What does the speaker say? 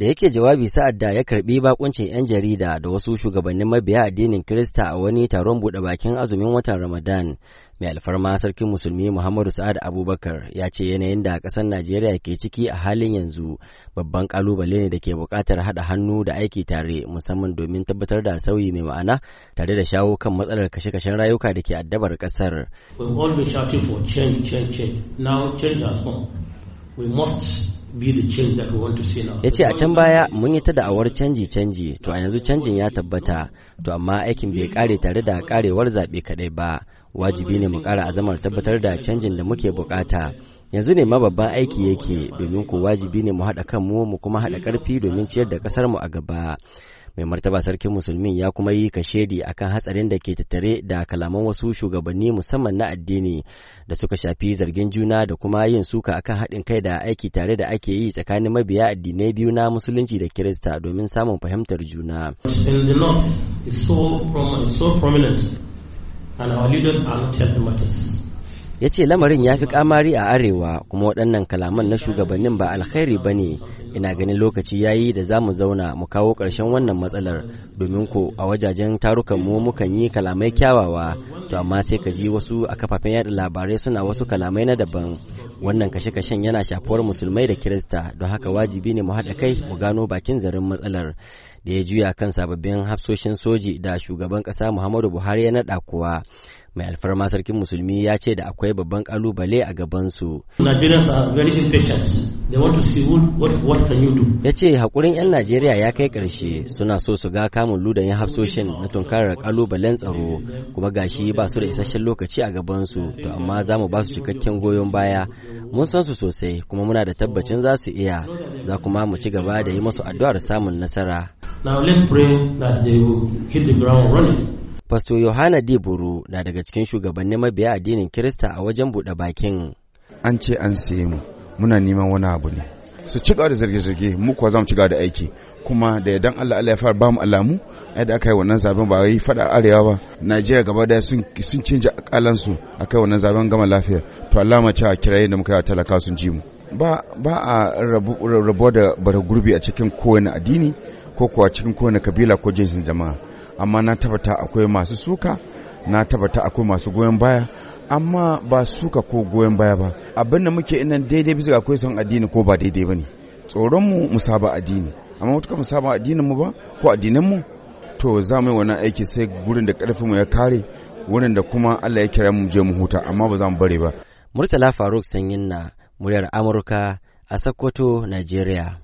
da yake jawabi sa'ad da ya karbi bakuncin 'yan jarida da wasu shugabannin mabiya addinin Kirista a wani taron buɗe bakin azumin watan Ramadan. Mai alfarma sarkin musulmi Muhammadu Sa'ad Abubakar ya ce yanayin da ƙasar Najeriya ke ciki a halin yanzu babban kalubale ne da ke bukatar haɗa hannu da aiki tare musamman domin tabbatar da sauyi mai ma'ana tare da shawo kan matsalar kashe-kashen rayuka da ke addabar kasar. We all be shouting for change, change, change. Now change has come. yace a can baya mun yi ta da'awar canji-canji to a yanzu canjin ya tabbata to amma aikin bai kare tare da karewar zaɓe kadai ba wajibi ne mu kara azamar tabbatar da canjin da muke bukata yanzu ne ma babban aiki yake domin ko wajibi ne mu haɗa kanmu mu kuma haɗa ƙarfi domin ciyar da ƙasarmu a gaba mai martaba sarkin musulmi ya kuma yi kashedi akan hatsarin da ke tattare da kalaman wasu shugabanni musamman na addini da suka shafi zargin juna da kuma yin suka akan haɗin kai da aiki tare da ake yi tsakanin mabiya addinai biyu na musulunci da kirista domin samun fahimtar juna. and our leaders ya ce lamarin ya fi kamari a arewa kuma waɗannan kalaman na shugabannin ba alkhairi ba ne ina ganin lokaci ya yi da za mu zauna mu kawo ƙarshen wannan matsalar domin ko a wajajen tarukan mu mukan yi kalamai kyawawa to amma sai ka ji wasu a kafafen yada labarai suna wasu kalamai na daban wannan kashe-kashen yana shafuwar musulmai da kirista don haka wajibi ne mu haɗa kai mu gano bakin zarin matsalar da ya juya kan sababbin hafsoshin soji da shugaban ƙasa muhammadu buhari ya naɗa kuwa mai alfarma sarkin musulmi ya ce da akwai babban ƙalubale a gabansu. Nigerians are very impatient. Ya ce haƙurin 'yan Najeriya ya kai ƙarshe suna so su ga kamun ludan ludayin hafsoshin na tunkarar ƙalubalen tsaro kuma gashi ba su da isasshen lokaci a gabansu to amma za mu ba su cikakken goyon baya mun san su sosai kuma muna da tabbacin za su iya za kuma mu ci gaba da yi masu addu'ar samun nasara. Fasto Yohana Diburu na daga cikin shugabannin mabiya addinin Kirista a wajen buɗe bakin. An ce an mu. muna neman wani abu ne su ci da zirge-zirge mu kuwa za mu ci da aiki kuma da dan Allah Allah ya fara ba mu alamu ai da aka yi wannan zaben ba yi fada arewa ba Najeriya gaba daya sun sun canja su akai wannan zaben gama lafiya to Allah ma a kiraye da muka talaka sun ji mu ba a rabu da bara gurbi a cikin kowane addini ko kuwa cikin kowane kabila ko jinsin jama'a amma na tabbata akwai masu suka na tabbata akwai masu goyon baya amma ba suka ko goyon baya ba abinda muke inan daidai bisa akwai son addini ko ba daidai ba ne tsoron mu musaba saba addini amma mutuka mu saba addinin mu ba ko addinan mu to za mu yi wannan aiki sai gurin da karfin mu ya kare wurin da kuma Allah ya kira mu je mu huta amma ba za mu bare ba Murtala Faruk Sanyin na muryar Amurka a Sokoto Najeriya